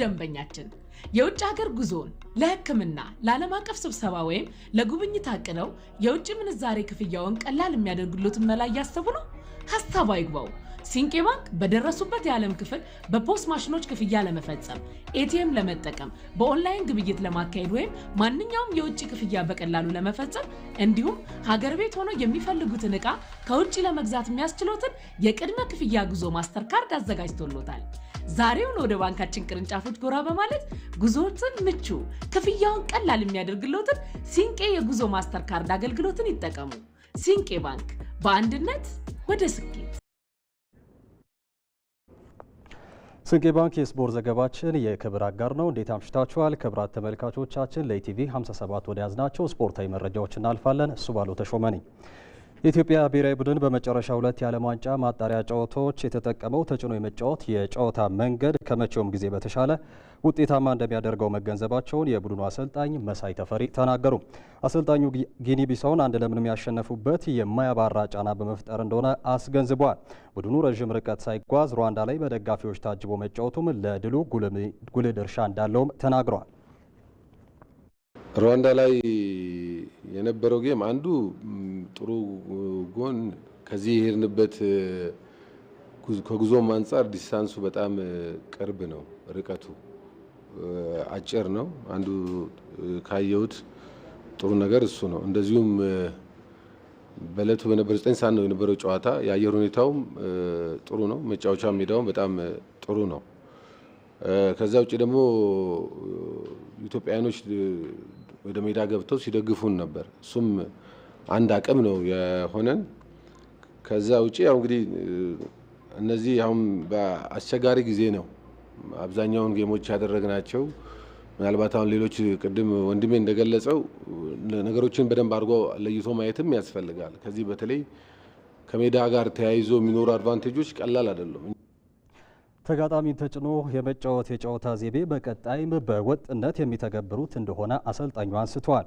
ደንበኛችን የውጭ ሀገር ጉዞውን ለሕክምና፣ ለዓለም አቀፍ ስብሰባ ወይም ለጉብኝት አቅደው የውጭ ምንዛሬ ክፍያውን ቀላል የሚያደርግሎትን መላ እያሰቡ ነው? ሀሳቡ አይግባው። ሲንቄ ባንክ በደረሱበት የዓለም ክፍል በፖስት ማሽኖች ክፍያ ለመፈጸም፣ ኤቲኤም ለመጠቀም፣ በኦንላይን ግብይት ለማካሄድ ወይም ማንኛውም የውጭ ክፍያ በቀላሉ ለመፈጸም እንዲሁም ሀገር ቤት ሆኖ የሚፈልጉትን ዕቃ ከውጭ ለመግዛት የሚያስችሎትን የቅድመ ክፍያ ጉዞ ማስተር ካርድ አዘጋጅቶሎታል። ዛሬውን ወደ ባንካችን ቅርንጫፎች ጎራ በማለት ጉዞትን ምቹ፣ ክፍያውን ቀላል የሚያደርግሎትን ሲንቄ የጉዞ ማስተር ካርድ አገልግሎትን ይጠቀሙ። ሲንቄ ባንክ በአንድነት ወደ ስኬት! ስንቄ ባንክ የስፖርት ዘገባችን የክብር አጋር ነው። እንዴት አምሽታችኋል? ክብራት ተመልካቾቻችን ለኢቲቪ 57 ወደ ያዝናቸው ስፖርታዊ መረጃዎች እናልፋለን። እሱ ባለው ተሾመ ነኝ። የኢትዮጵያ ብሔራዊ ቡድን በመጨረሻ ሁለት የዓለም ዋንጫ ማጣሪያ ጨዋታዎች የተጠቀመው ተጭኖ የመጫወት የጨዋታ መንገድ ከመቼውም ጊዜ በተሻለ ውጤታማ እንደሚያደርገው መገንዘባቸውን የቡድኑ አሰልጣኝ መሳይ ተፈሪ ተናገሩ። አሰልጣኙ ጊኒ ቢሳውን አንድ ለምንም ያሸነፉበት የማያባራ ጫና በመፍጠር እንደሆነ አስገንዝቧል። ቡድኑ ረዥም ርቀት ሳይጓዝ ሩዋንዳ ላይ በደጋፊዎች ታጅቦ መጫወቱም ለድሉ ጉልህ ድርሻ እንዳለውም ተናግረዋል። ሩዋንዳ ላይ የነበረው ጌም አንዱ ጥሩ ጎን ከዚህ የሄድንበት ከጉዞም አንጻር ዲስታንሱ በጣም ቅርብ ነው፣ ርቀቱ አጭር ነው። አንዱ ካየሁት ጥሩ ነገር እሱ ነው። እንደዚሁም በእለቱ በነበረ ዘጠኝ ሰዓት ነው የነበረው ጨዋታ። የአየር ሁኔታውም ጥሩ ነው፣ መጫወቻ ሜዳውም በጣም ጥሩ ነው። ከዛ ውጭ ደግሞ ኢትዮጵያውያኖች ወደ ሜዳ ገብተው ሲደግፉን ነበር። እሱም አንድ አቅም ነው የሆነን። ከዛ ውጪ ያው እንግዲህ እነዚህ አሁን በአስቸጋሪ ጊዜ ነው አብዛኛውን ጌሞች ያደረግናቸው። ምናልባት አሁን ሌሎች ቅድም ወንድሜ እንደገለጸው ነገሮችን በደንብ አድርጎ ለይቶ ማየትም ያስፈልጋል። ከዚህ በተለይ ከሜዳ ጋር ተያይዞ የሚኖሩ አድቫንቴጆች ቀላል አይደሉም። ተጋጣሚ ተጭኖ የመጫወት የጨዋታ ዘይቤ በቀጣይም በወጥነት የሚተገብሩት እንደሆነ አሰልጣኙ አንስተዋል።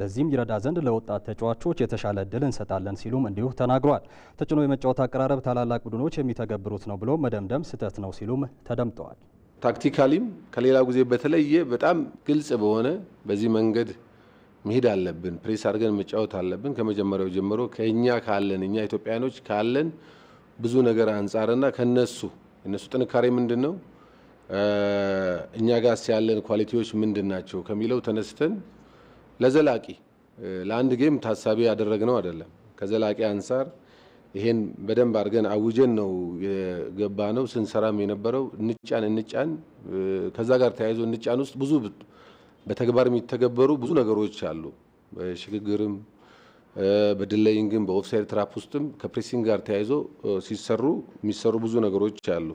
ለዚህም ይረዳ ዘንድ ለወጣት ተጫዋቾች የተሻለ እድል እንሰጣለን ሲሉም እንዲሁ ተናግሯል። ተጭኖ የመጫወት አቀራረብ ታላላቅ ቡድኖች የሚተገብሩት ነው ብሎ መደምደም ስህተት ነው ሲሉም ተደምጠዋል። ታክቲካሊም ከሌላ ጊዜ በተለየ በጣም ግልጽ በሆነ በዚህ መንገድ መሄድ አለብን፣ ፕሬስ አድርገን መጫወት አለብን። ከመጀመሪያው ጀምሮ ከእኛ ካለን እኛ ኢትዮጵያኖች ካለን ብዙ ነገር አንጻርና ከነሱ እነሱ ጥንካሬ ምንድን ነው፣ እኛ ጋስ ያለን ኳሊቲዎች ምንድን ናቸው ከሚለው ተነስተን ለዘላቂ ለአንድ ጌም ታሳቢ ያደረግነው አይደለም። ከዘላቂ አንጻር ይሄን በደንብ አድርገን አውጀን ነው የገባ ነው። ስንሰራም የነበረው እንጫን እንጫን ከዛ ጋር ተያይዞ እንጫን ውስጥ ብዙ በተግባር የሚተገበሩ ብዙ ነገሮች አሉ። በሽግግርም ግን በኦፍሳይድ ትራፕ ውስጥም ከፕሬሲንግ ጋር ተያይዞ ሲሰሩ የሚሰሩ ብዙ ነገሮች አሉ።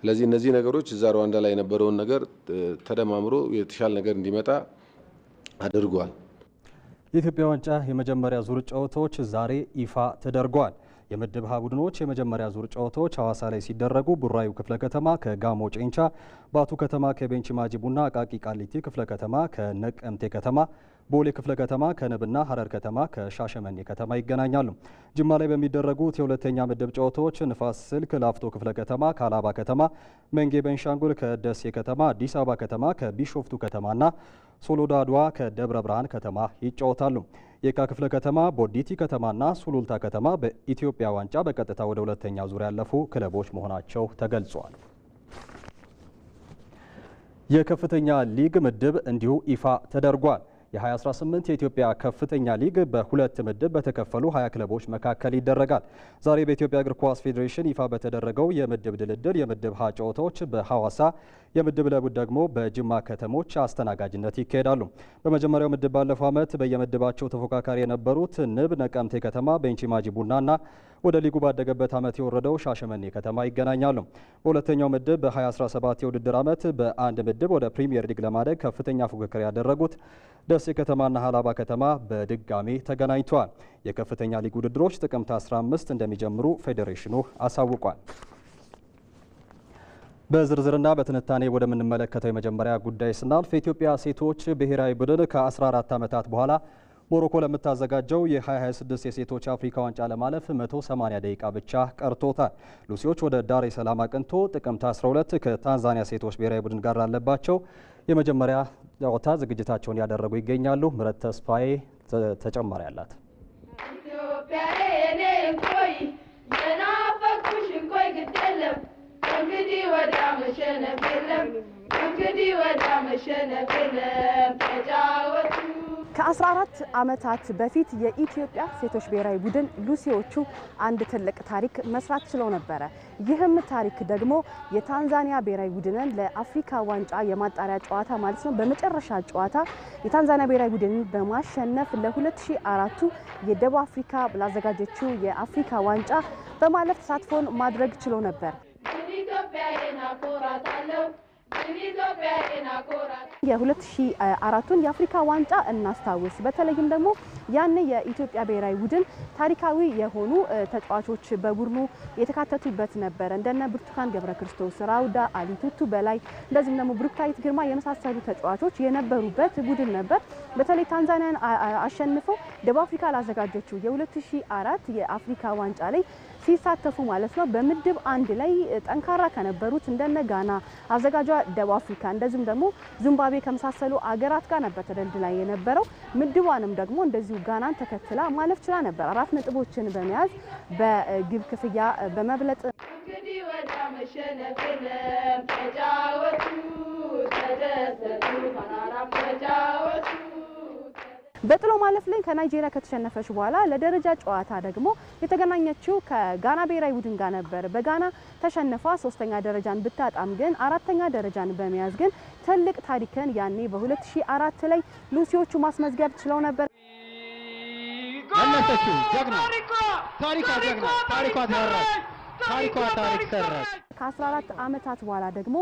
ስለዚህ እነዚህ ነገሮች እዛ ሩዋንዳ ላይ የነበረውን ነገር ተደማምሮ የተሻለ ነገር እንዲመጣ አድርጓል። የኢትዮጵያ ዋንጫ የመጀመሪያ ዙር ጨዋታዎች ዛሬ ይፋ ተደርጓል። የምድብ ሀ ቡድኖች የመጀመሪያ ዙር ጨዋታዎች ሐዋሳ ላይ ሲደረጉ ቡራዩ ክፍለ ከተማ ከጋሞ ጨንቻ፣ ባቱ ከተማ ከቤንች ማጂ ቡና፣ አቃቂ ቃሊቲ ክፍለ ከተማ ከነቀምቴ ከተማ ቦሌ ክፍለ ከተማ ከንብና ሀረር ከተማ ከሻሸመኔ ከተማ ይገናኛሉ። ጅማ ላይ በሚደረጉት የሁለተኛ ምድብ ጨዋታዎች ንፋስ ስልክ ላፍቶ ክፍለ ከተማ ከአላባ ከተማ፣ መንጌ በንሻንጉል ከደሴ ከተማ፣ አዲስ አበባ ከተማ ከቢሾፍቱ ከተማና ሶሎዳ ከደብረ ብርሃን ከተማ ይጫወታሉ። የካ ክፍለ ከተማ፣ ቦዲቲ ከተማና ሱሉልታ ከተማ በኢትዮጵያ ዋንጫ በቀጥታ ወደ ሁለተኛ ዙር ያለፉ ክለቦች መሆናቸው ተገልጿል። የከፍተኛ ሊግ ምድብ እንዲሁ ይፋ ተደርጓል። የ2018 የኢትዮጵያ ከፍተኛ ሊግ በሁለት ምድብ በተከፈሉ 20 ክለቦች መካከል ይደረጋል። ዛሬ በኢትዮጵያ እግር ኳስ ፌዴሬሽን ይፋ በተደረገው የምድብ ድልድል የምድብ ሀ ጨዋታዎች በሐዋሳ የምድብ ለቡድ ደግሞ በጅማ ከተሞች አስተናጋጅነት ይካሄዳሉ። በመጀመሪያው ምድብ ባለፈው ዓመት በየምድባቸው ተፎካካሪ የነበሩት ንብ ነቀምቴ ከተማ፣ ቤንች ማጂ ቡናና ወደ ሊጉ ባደገበት ዓመት የወረደው ሻሸመኔ ከተማ ይገናኛሉ። በሁለተኛው ምድብ በ2017 የውድድር ዓመት በአንድ ምድብ ወደ ፕሪምየር ሊግ ለማደግ ከፍተኛ ፉክክር ያደረጉት ደሴ ከተማና ሀላባ ከተማ በድጋሜ ተገናኝተዋል። የከፍተኛ ሊግ ውድድሮች ጥቅምት 15 እንደሚጀምሩ ፌዴሬሽኑ አሳውቋል። በዝርዝርና በትንታኔ ወደምንመለከተው የመጀመሪያ ጉዳይ ስናልፍ የኢትዮጵያ ሴቶች ብሔራዊ ቡድን ከ14 ዓመታት በኋላ ሞሮኮ ለምታዘጋጀው የ2026 የሴቶች አፍሪካ ዋንጫ ለማለፍ 180 ደቂቃ ብቻ ቀርቶታል። ሉሲዎች ወደ ዳሬ ሰላም አቅንቶ ጥቅምት 12 ከታንዛኒያ ሴቶች ብሔራዊ ቡድን ጋር ላለባቸው የመጀመሪያ ጨዋታ ዝግጅታቸውን ያደረጉ ይገኛሉ። ምረት ተስፋዬ ተጨማሪ አላት። እንግዲህ ወዳ መሸነፍ የለም ከ14 ዓመታት በፊት የኢትዮጵያ ሴቶች ብሔራዊ ቡድን ሉሲዎቹ አንድ ትልቅ ታሪክ መስራት ችለው ነበረ። ይህም ታሪክ ደግሞ የታንዛኒያ ብሔራዊ ቡድንን ለአፍሪካ ዋንጫ የማጣሪያ ጨዋታ ማለት ነው በመጨረሻ ጨዋታ የታንዛኒያ ብሔራዊ ቡድንን በማሸነፍ ለ2004ቱ የደቡብ አፍሪካ ላዘጋጀችው የአፍሪካ ዋንጫ በማለፍ ተሳትፎን ማድረግ ችሎ ነበር። የ2004ቱን የአፍሪካ ዋንጫ እናስታውስ። በተለይም ደግሞ ያኔ የኢትዮጵያ ብሔራዊ ቡድን ታሪካዊ የሆኑ ተጫዋቾች በቡድኑ የተካተቱበት ነበረ። እንደነ ብርቱካን ገብረ ክርስቶስ፣ ራውዳ አሊ፣ ቱቱ በላይ እንደዚሁም ደግሞ ብሩክታዊት ግርማ የመሳሰሉ ተጫዋቾች የነበሩበት ቡድን ነበር። በተለይ ታንዛኒያን አሸንፈው ደቡብ አፍሪካ ላዘጋጀችው የ2004 የአፍሪካ ዋንጫ ላይ ሲሳተፉ ማለት ነው በምድብ አንድ ላይ ጠንካራ ከነበሩት እንደነ ጋና አዘጋጇ ደቡብ አፍሪካ እንደዚሁም ደግሞ ዚምባብዌ ከመሳሰሉ አገራት ጋር ነበር ተደልድ ላይ የነበረው። ምድቧንም ደግሞ እንደዚሁ ጋናን ተከትላ ማለፍ ችላ ነበር አራት ነጥቦችን በመያዝ በግብ ክፍያ በመብለጥ በጥሎ ማለፍ ላይ ከናይጄሪያ ከተሸነፈች በኋላ ለደረጃ ጨዋታ ደግሞ የተገናኘችው ከጋና ብሔራዊ ቡድን ጋር ነበር። በጋና ተሸንፋ ሶስተኛ ደረጃን ብታጣም ግን አራተኛ ደረጃን በመያዝ ግን ትልቅ ታሪክን ያኔ በ2004 ላይ ሉሲዎቹ ማስመዝገብ ችለው ነበር። ከ14 ዓመታት በኋላ ደግሞ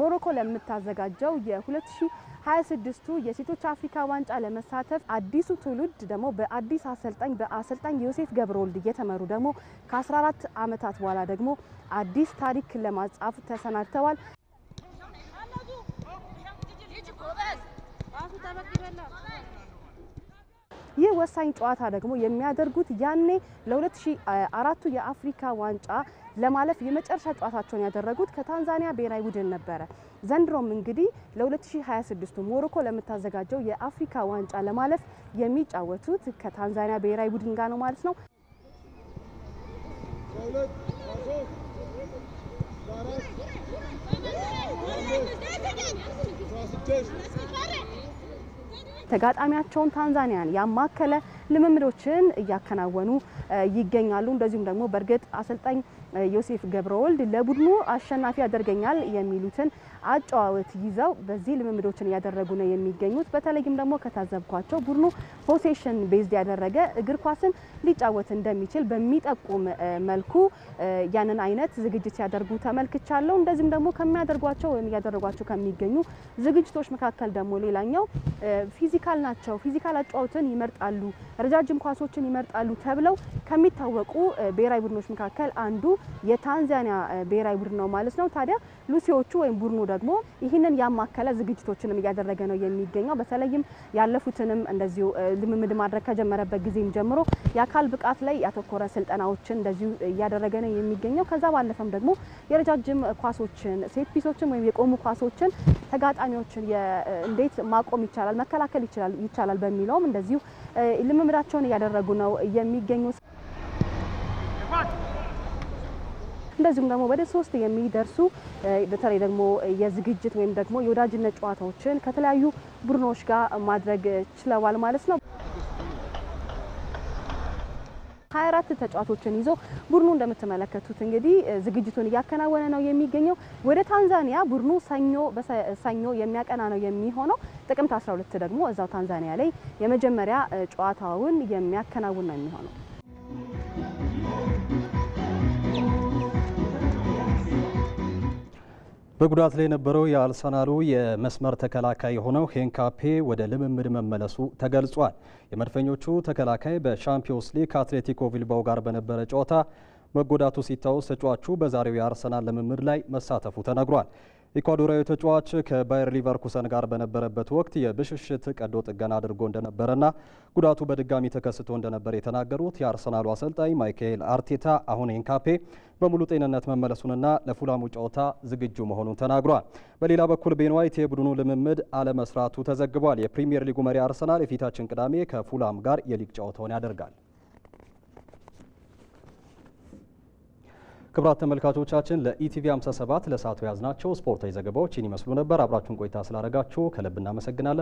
ሞሮኮ ለምታዘጋጀው የ2026ቱ የሴቶች አፍሪካ ዋንጫ ለመሳተፍ አዲሱ ትውልድ ደግሞ በአዲስ አሰልጣኝ በአሰልጣኝ ዮሴፍ ገብረወልድ እየተመሩ ደግሞ ከ14 ዓመታት በኋላ ደግሞ አዲስ ታሪክ ለማጻፍ ተሰናድተዋል። ይህ ወሳኝ ጨዋታ ደግሞ የሚያደርጉት ያኔ ለ2004ቱ የአፍሪካ ዋንጫ ለማለፍ የመጨረሻ ጨዋታቸውን ያደረጉት ከታንዛኒያ ብሔራዊ ቡድን ነበረ። ዘንድሮም እንግዲህ ለ2026ቱ ሞሮኮ ለምታዘጋጀው የአፍሪካ ዋንጫ ለማለፍ የሚጫወቱት ከታንዛኒያ ብሔራዊ ቡድን ጋር ነው ማለት ነው። ተጋጣሚያቸውን ታንዛኒያን ያማከለ ልምምዶችን እያከናወኑ ይገኛሉ። እንደዚሁም ደግሞ በእርግጥ አሰልጣኝ ዮሴፍ ገብረወልድ ለቡድኑ አሸናፊ ያደርገኛል የሚሉትን አጨዋወት ይዘው በዚህ ልምምዶችን እያደረጉ ነው የሚገኙት። በተለይም ደግሞ ከታዘብኳቸው ቡድኑ ፖሴሽን ቤዝድ ያደረገ እግር ኳስን ሊጫወት እንደሚችል በሚጠቁም መልኩ ያንን አይነት ዝግጅት ሲያደርጉ ተመልክቻለሁ። እንደዚህም ደግሞ ከሚያደርጓቸው ወይም እያደረጓቸው ከሚገኙ ዝግጅቶች መካከል ደግሞ ሌላኛው ፊዚካል ናቸው፣ ፊዚካል አጨዋወትን ይመርጣሉ፣ ረጃጅም ኳሶችን ይመርጣሉ ተብለው ከሚታወቁ ብሔራዊ ቡድኖች መካከል አንዱ የታንዛኒያ ብሔራዊ ቡድን ነው ማለት ነው። ታዲያ ሉሲዎቹ ወይም ቡድኑ ደግሞ ይህንን ያማከለ ዝግጅቶችንም እያደረገ ነው የሚገኘው። በተለይም ያለፉትንም እንደዚሁ ልምምድ ማድረግ ከጀመረበት ጊዜም ጀምሮ የአካል ብቃት ላይ ያተኮረ ስልጠናዎችን እንደዚሁ እያደረገ ነው የሚገኘው። ከዛ ባለፈም ደግሞ የረጃጅም ኳሶችን፣ ሴት ፒሶችን ወይም የቆሙ ኳሶችን ተጋጣሚዎችን እንዴት ማቆም ይቻላል፣ መከላከል ይቻላል በሚለውም እንደዚሁ ልምምዳቸውን እያደረጉ ነው የሚገኙ እንደዚሁም ደግሞ ወደ ሶስት የሚደርሱ በተለይ ደግሞ የዝግጅት ወይም ደግሞ የወዳጅነት ጨዋታዎችን ከተለያዩ ቡድኖች ጋር ማድረግ ችለዋል ማለት ነው። 24 ተጫዋቾችን ይዞ ቡድኑ እንደምትመለከቱት እንግዲህ ዝግጅቱን እያከናወነ ነው የሚገኘው። ወደ ታንዛኒያ ቡድኑ ሰኞ በሰኞ የሚያቀና ነው የሚሆነው። ጥቅምት 12 ደግሞ እዛው ታንዛኒያ ላይ የመጀመሪያ ጨዋታውን የሚያከናውን ነው የሚሆነው። በጉዳት ላይ የነበረው የአርሰናሉ የመስመር ተከላካይ የሆነው ሄንካፔ ወደ ልምምድ መመለሱ ተገልጿል። የመድፈኞቹ ተከላካይ በሻምፒዮንስ ሊግ ከአትሌቲኮ ቪልባው ጋር በነበረ ጨዋታ መጎዳቱ ሲታወስ ተጫዋቹ በዛሬው የአርሰናል ልምምድ ላይ መሳተፉ ተነግሯል። ኢኳዶራዊ ተጫዋች ከባየር ሊቨርኩሰን ጋር በነበረበት ወቅት የብሽሽት ቀዶ ጥገና አድርጎ እንደነበረና ጉዳቱ በድጋሚ ተከስቶ እንደነበር የተናገሩት የአርሰናሉ አሰልጣኝ ማይካኤል አርቴታ አሁን ኤንካፔ በሙሉ ጤንነት መመለሱንና ለፉላሙ ጨዋታ ዝግጁ መሆኑን ተናግሯል። በሌላ በኩል ቤንዋይት የቡድኑ ልምምድ አለመስራቱ ተዘግቧል። የፕሪምየር ሊጉ መሪ አርሰናል የፊታችን ቅዳሜ ከፉላም ጋር የሊግ ጨዋታውን ያደርጋል። ክብራት ተመልካቾቻችን ለኢቲቪ 57 ለሰዓቱ ያዝናቸው ስፖርታዊ ዘገባዎች ይህን ይመስሉ ነበር። አብራችሁን ቆይታ ስላደረጋችሁ ከልብ እናመሰግናለን።